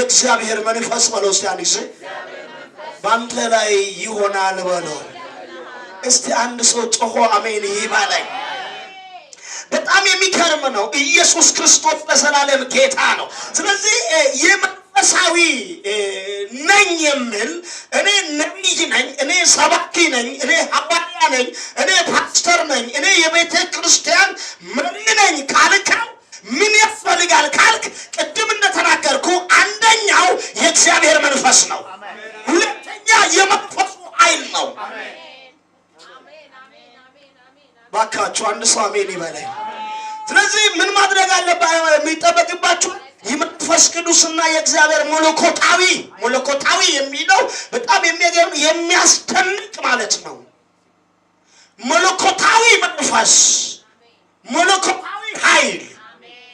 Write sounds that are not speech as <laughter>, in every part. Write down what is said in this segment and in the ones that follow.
የእግዚአብሔር መንፈስ በለው እስቲ ጊዜ በአንተ ላይ ይሆናል በለው። እስቲ አንድ ሰው ጮሆ አሜን ይባላል። በጣም የሚገርም ነው። ኢየሱስ ክርስቶስ ለዘላለም ጌታ ነው። ስለዚህ የመንፈሳዊ ነኝ የምል እኔ ነቢይ ነኝ፣ እኔ ሰባኪ ነኝ፣ እኔ ሐዋርያ ነኝ፣ እኔ ፓስተር ነኝ፣ እኔ የቤተ ክርስቲያን መሪ ነኝ ካልከው ምን ያስፈልጋል ካልክ ቅድም እንደተናገርኩ አንደኛው የእግዚአብሔር መንፈስ ነው። ሁለተኛ የመንፈሱ ኃይል ነው። ባካችሁ አንድ ሰው አሜን ይበለኝ። ስለዚህ ምን ማድረግ አለባ የሚጠበቅባችሁ የመንፈስ ቅዱስና የእግዚአብሔር መለኮታዊ መለኮታዊ የሚለው በጣም የሚገርም የሚያስደንቅ ማለት ነው። መለኮታዊ መንፈስ መለኮታዊ ኃይል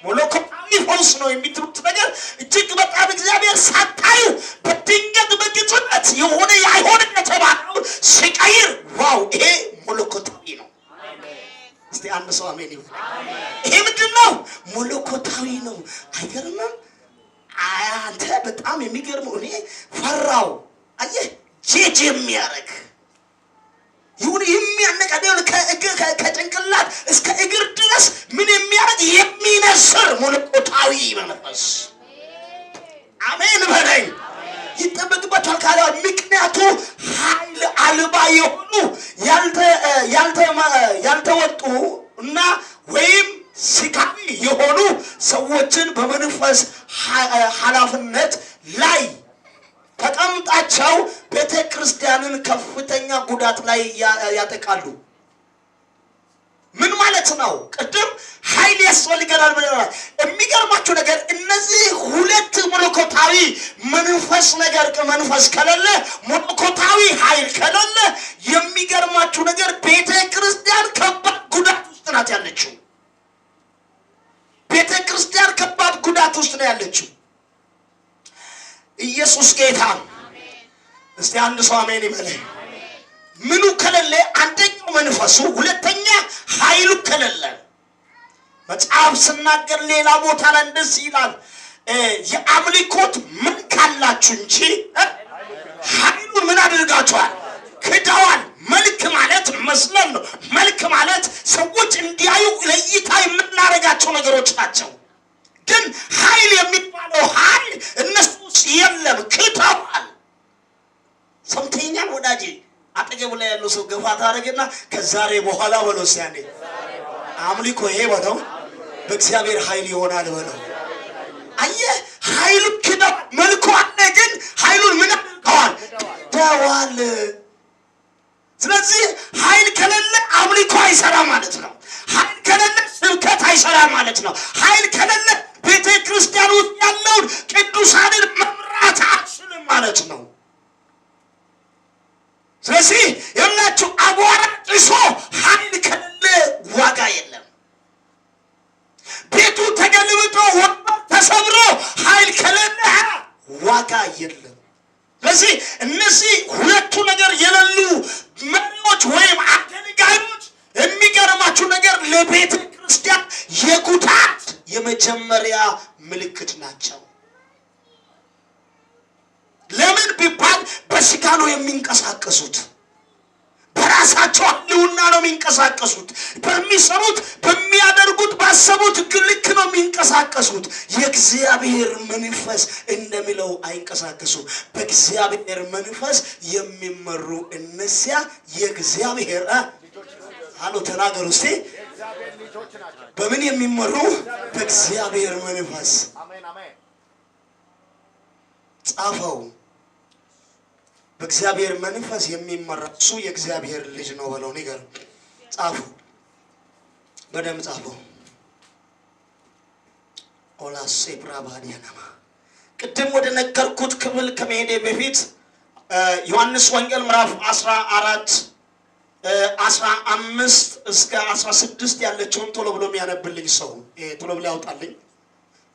መለኮታዊ ሊሆንስ ነው የሚትሉት ነገር እጅግ በጣም እግዚአብሔር ሳታይ በድንገት በግጹነት የሆነ የአይሆንነት የተባለው ሲቀይር ዋው! ይሄ ሞሎኮታዊ ነው። እስቲ አንድ ሰው አሜን ይሁን። ይሄ ምንድን ነው? ሞሎኮታዊ ነው። አይገርምም? አንተ በጣም የሚገርመው እኔ ፈራው። አየህ ጄጄ የሚያደርግ ይሁን የሚያነቃ ከጭንቅላት እስከ እግር ድረስ ምን የሚያደርግ የሚነስር መለኮታዊ መንፈስ አሜን በለኝ። ይጠበቅባቸዋል ካለ ምክንያቱ ኃይል አልባ የሆኑ ያልተወጡ እና ወይም ስጋዊ የሆኑ ሰዎችን በመንፈስ ኃላፊነት ላይ ተቀምጣቸው ቤተ ክርስቲያንን ከፍተኛ ጉዳት ላይ ያጠቃሉ። ምን ማለት ነው? ቅድም ኃይል ያስፈልገናል ብለናል። የሚገርማችሁ ነገር እነዚህ ሁለት መለኮታዊ መንፈስ ነገር መንፈስ ከሌለ መለኮታዊ ኃይል ከሌለ የሚገርማችሁ ነገር ቤተ ክርስቲያን ከባድ ጉዳት ውስጥ ናት ያለችው። ቤተ ክርስቲያን ከባድ ጉዳት ውስጥ ነው ያለችው። ኢየሱስ ጌታ ነው። እስቲ አንድ ሰው አሜን ይበል። ምኑ ከለለ? አንደኛው መንፈሱ፣ ሁለተኛ ኃይሉ ከለለ። መጽሐፍ ስናገር ሌላ ቦታ ላይ እንደዚህ ይላል የአምልኮት ምን ካላችሁ እንጂ ኃይሉ ምን አድርጋችኋል? ክደዋል። መልክ ማለት መስለን ነው። መልክ ማለት ሰዎች እንዲያዩ ለእይታ የምናደርጋቸው ነገሮች ናቸው። ግን ኃይል የሚባለው ኃይል እነሱ ውስጥ የለም። ክተዋል። ሰምተኛል ወዳጅ፣ አጠገቡ ላይ ያለው ሰው ገፋ ታደረግና ከዛሬ በኋላ በለው ሲያኔ አምልኮ ይሄ በለው በእግዚአብሔር ኃይል ይሆናል በለው ምልክት ናቸው። ለምን ቢባል በስጋ ነው የሚንቀሳቀሱት። በራሳቸው ሕልውና ነው የሚንቀሳቀሱት። በሚሰሩት በሚያደርጉት፣ ባሰቡት ልክ ነው የሚንቀሳቀሱት። የእግዚአብሔር መንፈስ እንደሚለው አይንቀሳቀሱ በእግዚአብሔር መንፈስ የሚመሩ እነዚያ የእግዚአብሔር አሎ ተናገሩ እስቲ በምን የሚመሩ? በእግዚአብሔር መንፈስ ጻፈው። በእግዚአብሔር መንፈስ የሚመራ እሱ የእግዚአብሔር ልጅ ነው በለው። ነገር ጻፉ በደም ጻፈው። ኦላሴ ብራባዲያናማ ቅድም ወደ ነገርኩት ክፍል ከመሄዴ በፊት ዮሐንስ ወንጌል ምዕራፍ አስራ አራት አስራ አምስት እስከ አስራ ስድስት ያለችውን ቶሎ ብሎ የሚያነብልኝ ሰው ቶሎ ብሎ ያውጣልኝ።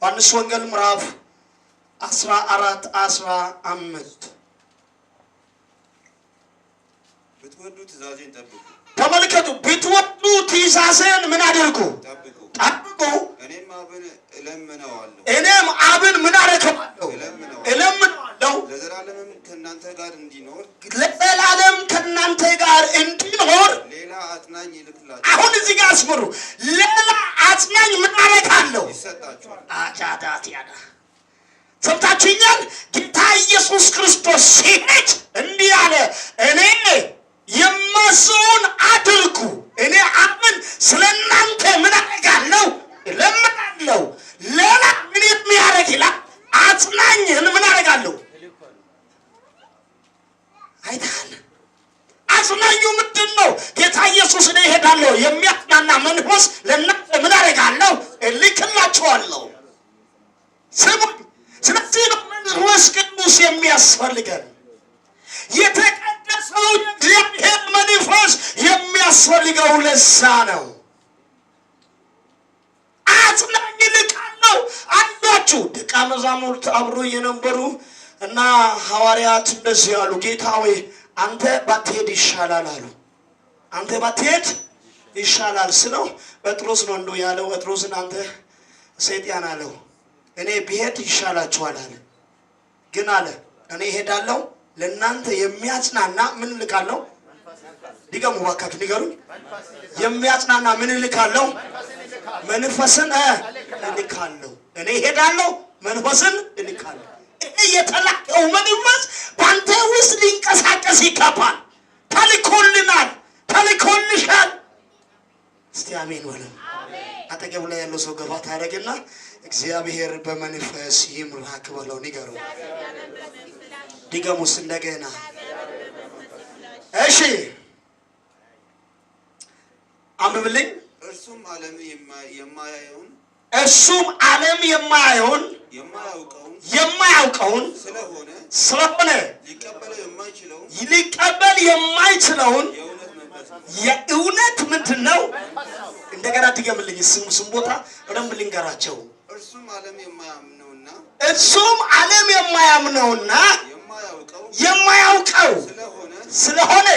ዮሐንስ ወንጌል ምዕራፍ አስራ አራት አስራ አምስት ብትወዱ ትእዛዜን ጠብቁ ተመልከቱ። ብትወዱ ትእዛዜን ምን አድርጉ? ጠብቁ። እኔም አብን ምን አረከዋለሁ? እለምነዋለሁ። ለዘላለም ከእናንተ ጋር እንዲኖር አሁን እዚህ ጋር አስምሩ። ሌላ አጽናኝ ምን አረካለሁ? ሰምታችሁኛል። ጌታ ኢየሱስ ክርስቶስ ሲሄድ እንዲህ አለ እኔ እሱን አድርጉ። እኔ አምን ስለ እናንተ ምን አደርጋለሁ እለምናለሁ። ሌላ ምን የሚያደርግ ይላል አጽናኝህን ምን አደርጋለሁ አይታል አጽናኙ ምንድን ነው? ጌታ ኢየሱስ እኔ እሄዳለሁ የሚያጽናና መንፈስ ለእናንተ ምን አደርጋለሁ እልክላችኋለሁ። ስሙ። ስለዚህ ነው መንፈስ ቅዱስ የሚያስፈልገን የተቀ ሰው የእግዚአብሔር መንፈስ የሚያስፈልገው ለዛ ነው። አጽናኝ ልካለው አላችሁ። ደቀ መዛሙርት አብሮ የነበሩ እና ሐዋርያት እንደዚህ አሉ፣ ጌታ አንተ ባትሄድ ይሻላል አሉ። አንተ ባትሄድ ይሻላል ስለው ጴጥሮስ ነው ያለው። ጴጥሮስን አንተ ሰይጣን አለው፣ እኔ ብሄድ ይሻላችኋል አለ። ግን አለ እኔ እሄዳለሁ ለእናንተ የሚያጽናና ምን እልካለሁ? ድገሙ እባካችሁ ንገሩኝ። የሚያጽናና ምን እልካለሁ? መንፈስን እልካለሁ። እኔ እሄዳለሁ፣ መንፈስን እልካለሁ። እኔ የተላከው መንፈስ በአንተ ውስጥ ሊንቀሳቀስ ይገባል። ተልኮልናል፣ ተልኮልሻል። እስቲ አሜን በለን። አጠገብ ላይ ያለው ሰው ገባ ታደረግና እግዚአብሔር በመንፈስ ይምራክ በለው ንገረው። ድገሙስ እንደገና። እሺ አንብብልኝ። እርሱም ዓለም የማያየውን እርሱም ዓለም የማያየውን የማያውቀውን ስለሆነ ሊቀበል የማይችለውን የእውነት ምንድን ነው? እንደገና ድገምልኝ። ስም ቦታ በደንብ ልንገራቸው። እርሱም ዓለም የማያምነውና የማያውቀው ስለሆነ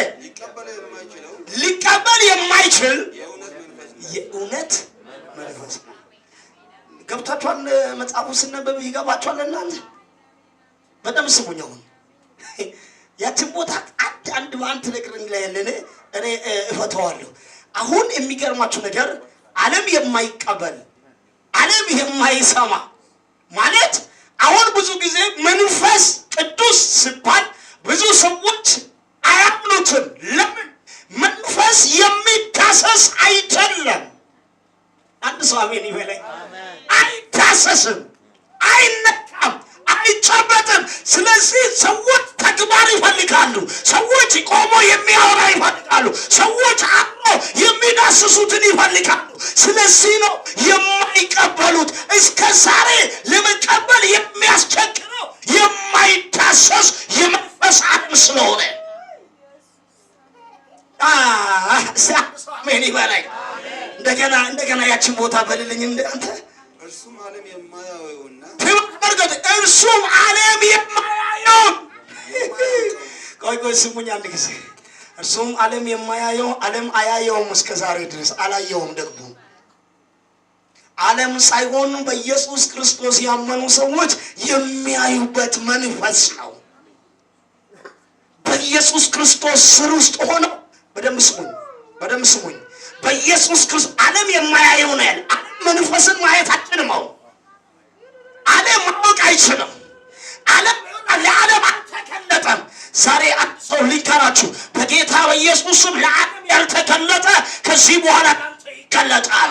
ሊቀበል የማይችል የእውነት መንፈስ ነው። ገብታችኋል? መጽሐፉ ስነበብ ይገባችኋል? እናንተ በጣም ስሙኝ። አሁን <laughs> ያችን ቦታ አንድ አንድ በአንድ ነግረኝ ላይ ያለን እኔ እፈተዋለሁ። አሁን የሚገርማችሁ ነገር ዓለም የማይቀበል ዓለም የማይሰማ ማለት አሁን ብዙ ጊዜ መንፈስ ቅዱስ ሲባል ብዙ ሰዎች አያምኑትም። ለምን? መንፈስ የሚታሰስ አይደለም። አንድ ሰው አሜን ይበለኝ። አይታሰስም፣ አይነካም፣ አይጨበጥም። ስለዚህ ሰዎች ተግባር ይፈልጋሉ። ሰዎች ቆሞ የሚያወራ ይፈልጋሉ። ሰዎች አብሮ የሚዳስሱትን ይፈልጋሉ። ስለዚህ ነው የማይቀበሉት። እስከ ዛሬ ለመቀበል የሚያስቸግረው የማይዳሰስ የመንፈስ ዓለም ስለሆነ ሜን ይበላይ እንደገና እንደገና ያችን ቦታ በልልኝ አንተ እርሱም ዓለም የማያየውን <laughs> ቆይ ቆይ ስሙኝ አንድ ጊዜ እርሱም አለም የማያየው አለም አያየውም፣ እስከ ዛሬ ድረስ አላየውም። ደግሞ አለም ሳይሆኑ በኢየሱስ ክርስቶስ ያመኑ ሰዎች የሚያዩበት መንፈስ ነው። በኢየሱስ ክርስቶስ ስር ውስጥ ሆነው በደንብ ስሙኝ፣ በደንብ ስሙኝ። በኢየሱስ ክርስቶስ ዓለም የማያየው ነው ያለ። መንፈስን ማየት አችልመው፣ አለም ማወቅ አይችልም። ዛሬ አንድ ሰው ሊከራችሁ በጌታ በኢየሱስም ስም ለዓለም ያልተገለጠ ከዚህ በኋላ እናንተ ይገለጣል።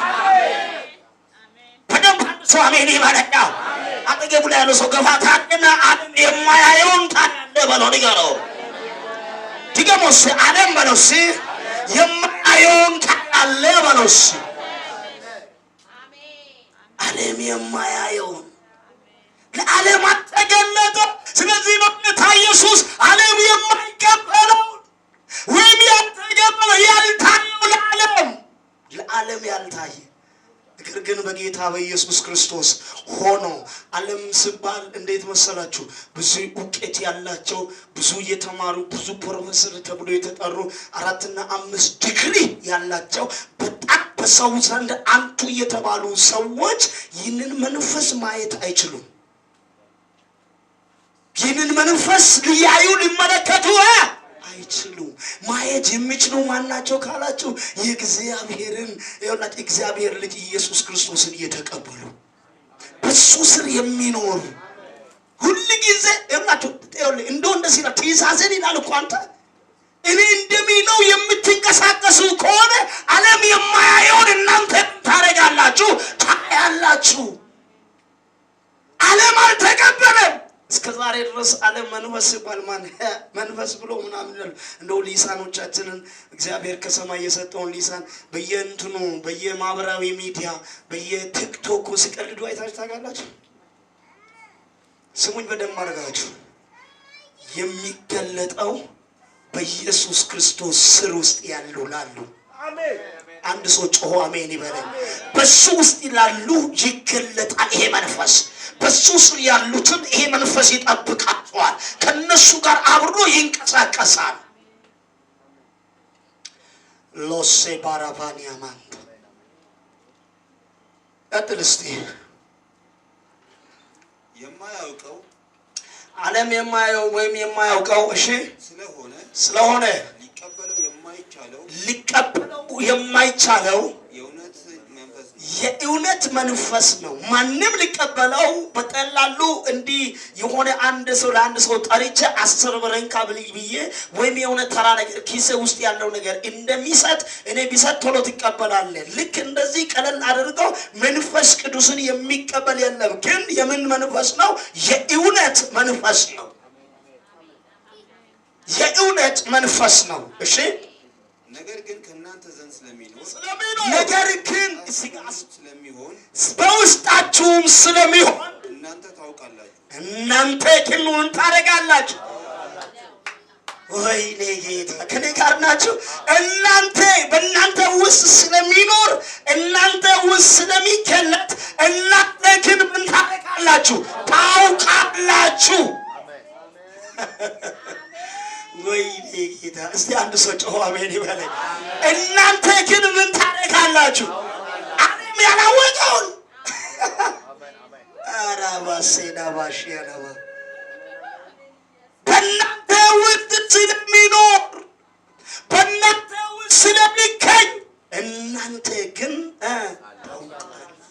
በደንብ አንድ ሰው አሜን ይበለኛ። አጠገቡ ላይ ያለው ሰው ገፋ ታድና ዓለም የማያየውን ታያለ በለው ንገረው። ድገሞ ሲ ዓለም በለው ሲ የማያየውን ታያለ በለው ሲ ዓለም የማያየውን ከዓለማት ተገለጠ። ስለዚህ ነው ጌታ ኢየሱስ ዓለም ወይም ያልተገበለው ያልታየው ለዓለም ለዓለም ያልታየ ነገር ግን በጌታ በኢየሱስ ክርስቶስ ሆኖ ዓለም ስባል እንዴት መሰላችሁ? ብዙ እውቀት ያላቸው ብዙ የተማሩ ብዙ ፕሮፌሰር ተብሎ የተጠሩ አራትና አምስት ዲግሪ ያላቸው በጣም በሰው ዘንድ አንቱ የተባሉ ሰዎች ይህንን መንፈስ ማየት አይችሉም። ይህንን መንፈስ ሊያዩ ሊመለከቱ አይችሉ ማየት የሚችሉ ማናቸው ካላችሁ የእግዚአብሔርን ላት እግዚአብሔር ልጅ ኢየሱስ ክርስቶስን እየተቀበሉ በሱ ስር የሚኖሩ ሁል ጊዜ ናቸው። እንደው እንደዚህ ይላል ትእዛዝን ይላል እኮ አንተ እኔ እንደሚለው የምትንቀሳቀሱ ከሆነ ዓለም የማያየውን መንፈስ አለ መንፈስ ይባል ማን መንፈስ ብሎ ምናምን ይላል። እንደው ሊሳኖቻችንን እግዚአብሔር ከሰማይ የሰጠውን ሊሳን በየእንትኑ በየማህበራዊ ሚዲያ በየቲክቶኩ ሲቀልዱ አይታችሁ ታውቃላችሁ? ስሙኝ በደንብ አድርጋችሁ የሚገለጠው በኢየሱስ ክርስቶስ ስር ውስጥ ያሉ ላሉ አሜን። አንድ ሰው ጮሆ አሜን ይበለኝ። በሱ ውስጥ ላሉ ይገለጣል ይሄ መንፈስ። በሱ ስር ያሉትን ይሄ መንፈስ ይጠብቃቸዋል። ከነሱ ጋር አብሮ ይንቀሳቀሳል። ሎሴ ባራባኒያ ማንት ቀጥል እስቲ የማያውቀው ዓለም የማየው ወይም የማያውቀው እሺ ስለሆነ ስለሆነ ሊቀበለው የማይቻለው የማይቻለው የእውነት መንፈስ ነው። ማንም ሊቀበለው በቀላሉ እንዲህ የሆነ አንድ ሰው ለአንድ ሰው ጠርቼ አስር ብርን ካብል ብዬ ወይም የሆነ ተራ ነገር ኪሴ ውስጥ ያለው ነገር እንደሚሰጥ እኔ ቢሰጥ ቶሎ ትቀበላለ ልክ እንደዚህ ቀለል አድርገው መንፈስ ቅዱስን የሚቀበል የለም። ግን የምን መንፈስ ነው? የእውነት መንፈስ ነው። የእውነት መንፈስ ነው። እሺ ነገር ግን ከእናንተ ዘንድ ስለሚኖር ነገር ግን ስለሚሆን በውስጣችሁም ስለሚሆን እናንተ ታውቃላችሁ። እናንተ ቅኑን ታደርጋላችሁ። ወይኔ ጌታ ከኔ ጋር ናችሁ። እናንተ በእናንተ ውስጥ ስለሚኖር እናንተ ውስጥ ስለሚገለጥ እናንተ ግን ምን ታደርጋላችሁ? ታውቃላችሁ። ወይኔ ጌታ! እስቲ አንድ ሰው ጮሆ አሜን ይበለኝ። እናንተ ግን ምን ታደርጋላችሁ? ዓለም ያላወቀውን አራባሴናባሽያነባ በእናንተ ውስጥ ስለሚኖር በእናንተ ውስጥ ስለሚገኝ እናንተ ግን ታውቃላችሁ።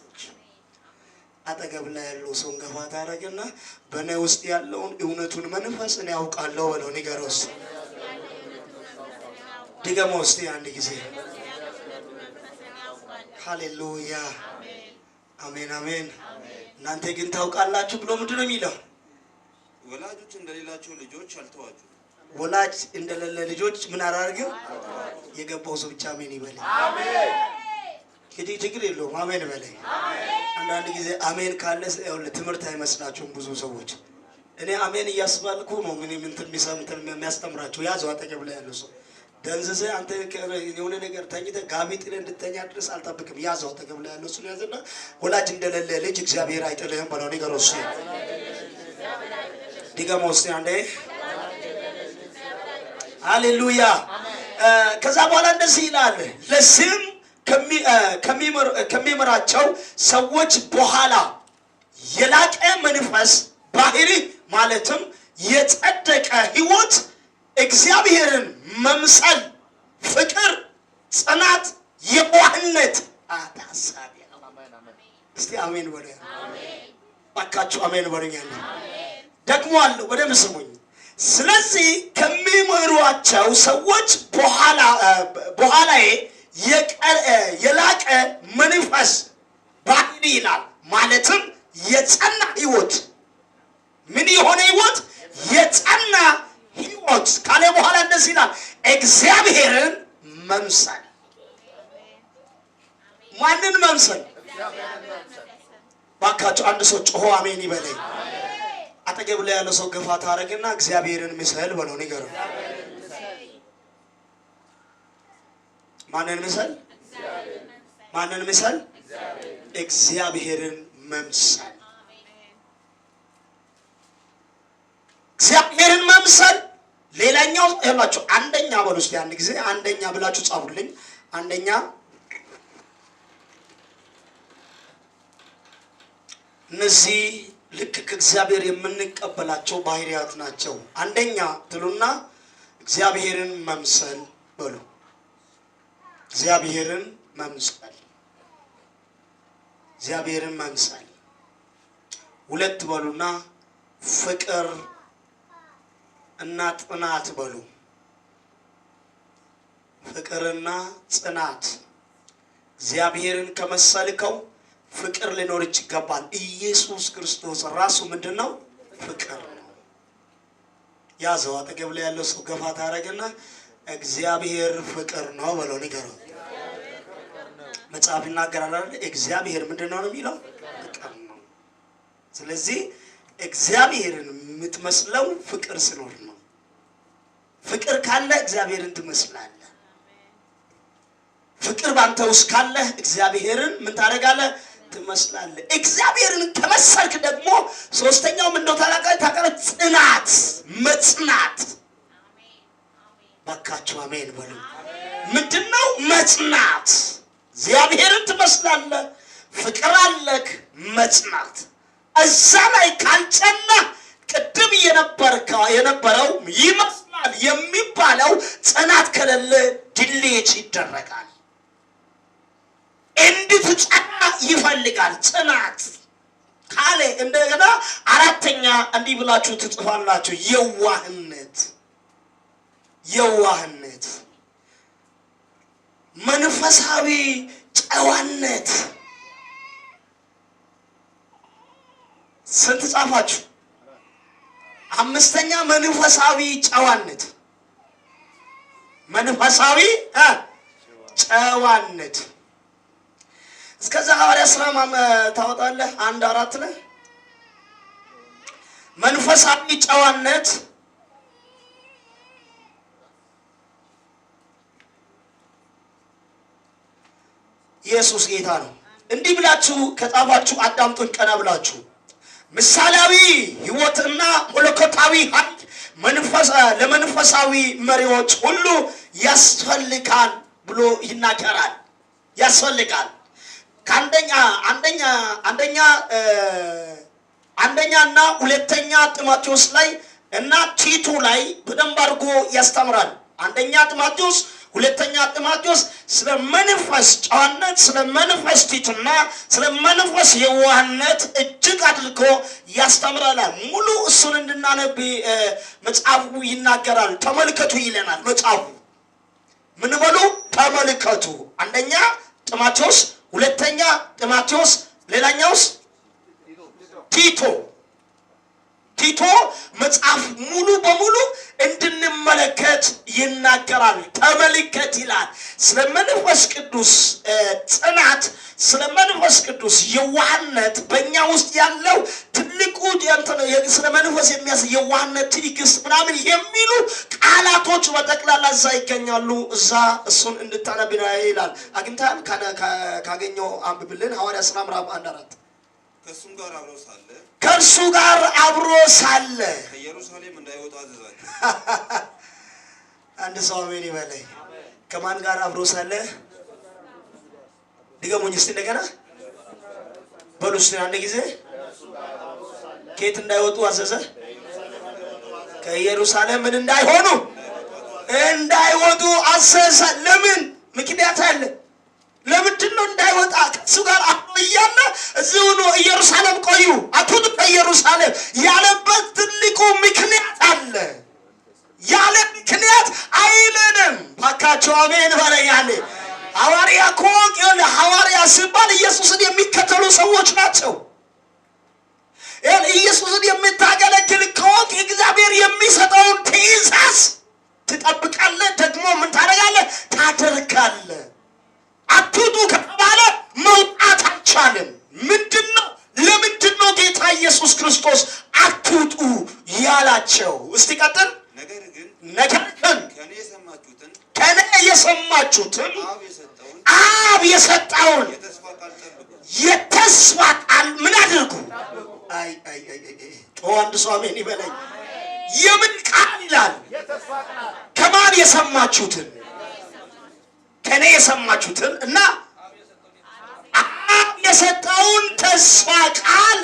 አጠገብ ላይ ያለው ሰውን ገፋ ታደረግና በእኔ ውስጥ ያለውን እውነቱን መንፈስ እኔ ያውቃለሁ በለው። ንገረው እስኪ ድገመው አንድ ጊዜ። ሀሌሉያ አሜን አሜን። እናንተ ግን ታውቃላችሁ ብሎ ምንድን ነው የሚለው? ወላጆች እንደሌላቸው ልጆች አልተዋጁ። ወላጅ እንደሌለ ልጆች ምን አላደርግም። የገባው ሰው ብቻ አሜን ይበል። እንግዲህ ችግር የለውም። አሜን በለኝ። አንዳንድ ጊዜ አሜን ካለ ትምህርት አይመስላችሁም ብዙ ሰዎች። እኔ አሜን እያስባልኩ ነው ምን እንትን የሚያስተምራቸው ያዘው አጠገብ ላይ ያለው ሰው ደንዝዘ አንተ የሆነ ነገር ተኝተ ጋቢ ጥለ እንድተኛ ድረስ አልጠብቅም። ያዘው አጠገብ ላይ ያለው እሱን ያዘና ወላጅ እንደሌለ ልጅ እግዚአብሔር አይጥልህም በለው። ነገር እሱ ድገማ ውስ አንዴ ሃሌሉያ። ከዛ በኋላ እንደዚህ ይላል ለስም ከሚመራቸው ሰዎች በኋላ የላቀ መንፈስ ባህሪ ማለትም የጸደቀ ህይወት እግዚአብሔርን መምሰል፣ ፍቅር፣ ጽናት፣ የዋህነት አታሳቢ እስቲ አሜን በሉ ባካችሁ፣ አሜን በሉኝ። ደግሞ አለ ወደ ምስሙኝ ስለዚህ ከሚምሯቸው ሰዎች በኋላ በኋላዬ የጸና ህይወት ምን የሆነ ህይወት የጸና ህይወት ካለ በኋላ እንደዚህ ይላል፣ እግዚአብሔርን መምሰል። ማንን መምሰል? ባካቸው አንድ ሰው ጮሆ አሜን ይበለኝ። አጠገብ ላይ ያለ ሰው ገፋ ታደረግና እግዚአብሔርን ምሰል በለው ንገር። ማንን ምሰል? ማንን ምሰል? እግዚአብሔርን መምሰል እግዚአብሔርን መምሰል ሌላኛው ይላችሁ አንደኛ በሉ እስኪ አንድ ጊዜ አንደኛ ብላችሁ ጻፉልኝ። አንደኛ እነዚህ ልክ ከእግዚአብሔር የምንቀበላቸው ባህርያት ናቸው። አንደኛ ትሉና እግዚአብሔርን መምሰል በሉ። እግዚአብሔርን መምሰል እግዚአብሔርን መምሰል። ሁለት በሉና ፍቅር እና ጥናት በሉ። ፍቅርና ጽናት እግዚአብሔርን ከመሰልከው ፍቅር ሊኖር ይገባል። ኢየሱስ ክርስቶስ ራሱ ምንድን ነው? ፍቅር ነው። ያዘው። አጠገብ ላይ ያለው ሰው ገፋ ታደርግና እግዚአብሔር ፍቅር ነው ብለው ንገረው። መጽሐፍ ይናገራል እግዚአብሔር ምንድን ነው የሚለው? ፍቅር ነው። ስለዚህ እግዚአብሔርን የምትመስለው ፍቅር ስኖር ነው። ፍቅር ካለ እግዚአብሔርን ትመስላለህ። ፍቅር ባንተ ውስጥ ካለ እግዚአብሔርን ምን ታደርጋለህ? ትመስላለህ። እግዚአብሔርን ተመሰልክ ደግሞ ሶስተኛው እንደው ታላቃ ታቀረ ጽናት መጽናት። ባካችሁ አሜን በሉ። ምንድን ነው መጽናት? እግዚአብሔርን ትመስላለህ፣ ፍቅር አለክ፣ መጽናት እዛ ላይ ካልጨና ቅድም የነበረው ይመስ ይሆናል የሚባለው ጽናት ከሌለ ድሌት ይደረጋል። እንድትጸና ይፈልጋል ጽናት ካለ እንደገና አራተኛ እንዲህ ብላችሁ ትጽፋላችሁ። የዋህነት የዋህነት መንፈሳዊ ጨዋነት ስንት ጻፋችሁ? አምስተኛ መንፈሳዊ ጨዋነት መንፈሳዊ ጨዋነት እስከዛ ሐዋርያ ስራ ታወጣለህ አንድ አራት ላይ መንፈሳዊ ጨዋነት ኢየሱስ ጌታ ነው። እንዲህ ብላችሁ ከጻፋችሁ አዳምጡን ቀና ብላችሁ ምሳሌያዊ ህይወትና መለኮታዊ ሀብት ለመንፈሳዊ መሪዎች ሁሉ ያስፈልጋል ብሎ ይናገራል። ያስፈልጋል ከአንደኛ አንደኛ አንደኛ አንደኛ እና ሁለተኛ ጢሞቴዎስ ላይ እና ቲቱ ላይ በደንብ አድርጎ ያስተምራል። አንደኛ ጢሞቴዎስ ሁለተኛ ጢሞቴዎስ ስለ መንፈስ ጨዋነት፣ ስለ መንፈስ ቲቱና ስለ መንፈስ የዋህነት እጅግ አድርጎ ያስተምረናል። ሙሉ እሱን እንድናነብ መጽሐፉ ይናገራል። ተመልከቱ ይለናል መጽሐፉ። ምን በሉ ተመልከቱ። አንደኛ ጢሞቴዎስ፣ ሁለተኛ ጢሞቴዎስ፣ ሌላኛውስ ቲቶ ቲቶ መጽሐፍ ሙሉ በሙሉ እንድንመለከት ይናገራል። ተመልከት ይላል። ስለ መንፈስ ቅዱስ ጽናት፣ ስለ መንፈስ ቅዱስ የዋህነት በእኛ ውስጥ ያለው ትልቁ ስለ መንፈስ የሚያስ የዋህነት፣ ትዕግስት ምናምን የሚሉ ቃላቶች በጠቅላላ እዛ ይገኛሉ። እዛ እሱን እንድታነብና ይላል። አግኝታል? ካገኘው አንብብልን። ሐዋርያ ስራ ምዕራፍ አንድ አራት ከእርሱ ጋር አብሮ ሳለ አንድ ሰው አሜን ይበለኝ። ከማን ጋር አብሮ ሳለ? ድገሙኝ እስቲ እንደገና በሉ እስቲ አንድ ጊዜ። ከየት እንዳይወጡ አዘዘ? ከኢየሩሳሌም ምን እንዳይሆኑ እንዳይወጡ አዘዘ። ለምን? ምክንያት አለ። ለምንድን ነው እንዳይወጣ ከሱ ጋር አብሮ እያለ እዚህ ሆኖ ኢየሩሳሌም ቆዩ አትውጡ ከኢየሩሳሌም ያለበት ትልቁ ምክንያት አለ። ያለ ምክንያት አይለንም። ፓካቸው አሜን በለ ያለ ሐዋርያ ኮቅ የሆነ ሐዋርያ ሲባል ኢየሱስን የሚከተሉ ሰዎች ናቸው። ኢየሱስን የምታገለግል ከወቅ እግዚአብሔር የሚሰጠውን ትእዛዝ ትጠብቃለህ፣ ደግሞ ምን ታደርጋለህ? ታደርጋለህ ናቸው። እስቲ ቀጥል። ነገር ግን ከእኔ የሰማችሁትን አብ የሰጠውን የተስፋ ቃል ምን አድርጉ? ጮ አንድ ሰው አሜን ይበለኝ። የምን ቃል ይላል? ከማን የሰማችሁትን? ከእኔ የሰማችሁትን እና አብ የሰጠውን ተስፋ ቃል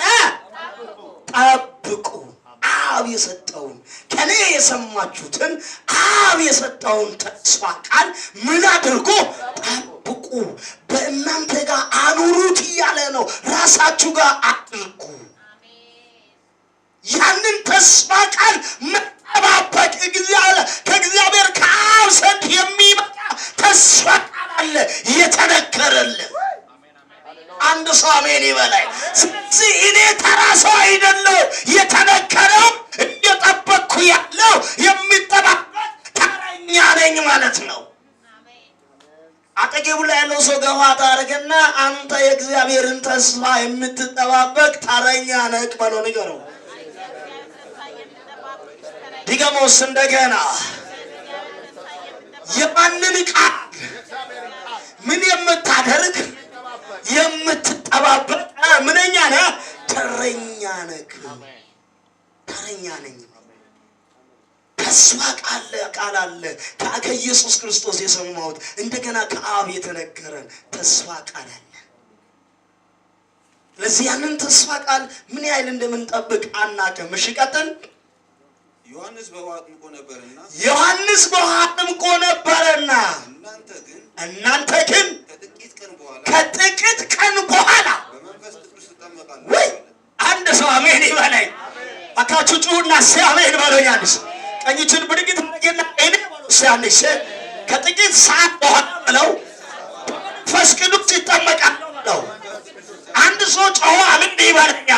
ጠብቁ። አብ የሰጠውን ከኔ የሰማችሁትን አብ የሰጠውን ተስፋ ቃል ምን አድርጎ ጠብቁ፣ በእናንተ ጋር አኑሩት እያለ ነው። ራሳችሁ ጋር አድርጉ። ያንን ተስፋ ቃል መጠባበቅ ከእግዚአብሔር ከአብ ዘንድ የሚመጣ ተስፋ ቃል አለ የተነገረልን አንድ ሰው አሜን ይበላይ። ስለዚህ እኔ ተራ ሰው አይደለው። የተነከረው እየጠበቅኩ ያለው የሚጠባበቅ ተረኛ ነኝ ማለት ነው። አጠገቡ ላይ ያለው ሰው ገፋ ታደርግና አንተ የእግዚአብሔርን ተስፋ የምትጠባበቅ ተረኛ ነቅ በለው። ንገረው ዲገሞስ እንደገና የማንን ቃል ምን የምታደርግ የምትጠባበቅ ምንኛ ነህ? ተረኛ ነህ። ተረኛ ነኝ። ተስፋ ቃለ ቃል አለ ከኢየሱስ ክርስቶስ የሰማሁት እንደገና ከአብ የተነገረን ተስፋ ቃል አለ። ለዚህ ያንን ተስፋ ቃል ምን ያህል እንደምንጠብቅ አናውቅም። እሺ ቀጥል። ዮሐንስ በውሃ አጥምቆ ነበርና ዮሐንስ እናንተ ግን ከጥቂት ቀን በኋላ ወይ አንድ ሰው አሜን ይበለኝ። እባካችሁ ጩሁና ሴ አሜን በለኝ። ቀኝችን ብድግት ማጌና እኔ ሴ ከጥቂት ሰዓት በኋላ ብለው መንፈስ ቅዱስ ይጠመቃል አንድ ሰው ጮሆ አሜን ይበለኛ።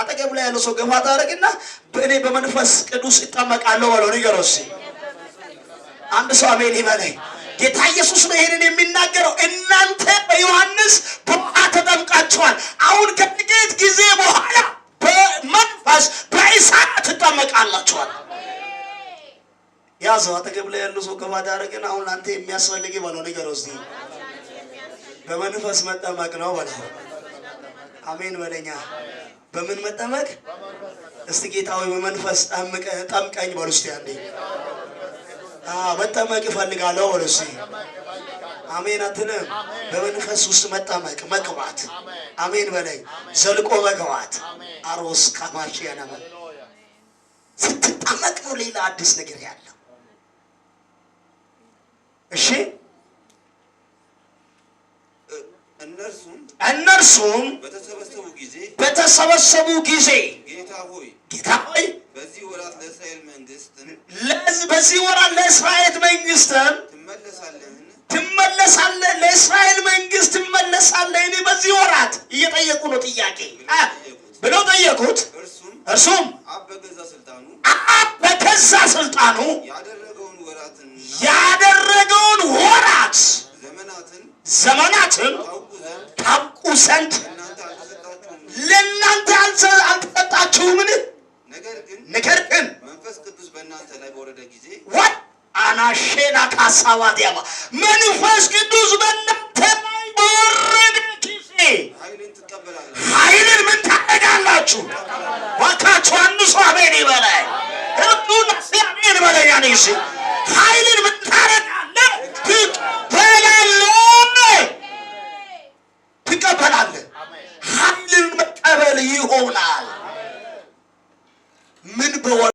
አጠገብ ላይ ያለው ሰው ገፋ ታደርግና በእኔ በመንፈስ ቅዱስ ይጠመቃለሁ በለው። ንገረው። አንድ ሰው አሜን ይበለኝ። ጌታ ኢየሱስ ነው ይሄንን የሚናገረው። እናንተ በዮሐንስ በውሃ ተጠምቃችኋል። አሁን ከጥቂት ጊዜ በኋላ በመንፈስ በእሳት ትጠመቃላችኋል። ያዘው አጠገብ ላይ ያሉ ሰው ገባዳ አደረግን። አሁን አንተ የሚያስፈልግ በለው ነገር ውስ በመንፈስ መጠመቅ ነው በለው። አሜን በለኛ። በምን መጠመቅ? እስቲ ጌታ ሆይ በመንፈስ ጠምቀኝ በሉ እስቲ አንዴ መጠመቅ ይፈልጋለሁ በሉ እስኪ። አሜን አትልም? በመንፈስ ውስጥ መጠመቅ መግባት፣ አሜን በለኝ። ዘልቆ መግባት አሮስ ካማሽ ያነመ ስትጠመቅ ነው ሌላ አዲስ ነገር ያለው። እሺ እነርሱም በተሰበሰቡ ጊዜ በተሰበሰቡ ጊዜ ጌታ ሆይ ጌታ ሆይ በዚህ ወራት ለእስራኤል መንግስትም በዚህ ወራት ለእስራኤል መንግስትም ትመለሳለህ ለእስራኤል መንግስት ትመለሳለህ። እኔ በዚህ ወራት እየጠየቁ ነው ጥያቄ ብለው ጠየቁት። እርሱም አብ በገዛ ስልጣኑ ያደረገውን ወራት ዘመናትን ታውቁ ዘንድ አናሼና ካሳባዲያማ መንፈስ ቅዱስ በእናንተ ላይ በወረደ ጊዜ ኃይልን ምን ታደርጋላችሁ? እባካችሁ አንዱ ሰው አሜን ይበላይ። ህርቱን አሜን በለኛ ነሽ ኃይልን ምን ታደርጋለህ? ትቀበላለህ፣ ትቀበላለህ። ኃይልን መቀበል ይሆናል ምን በወ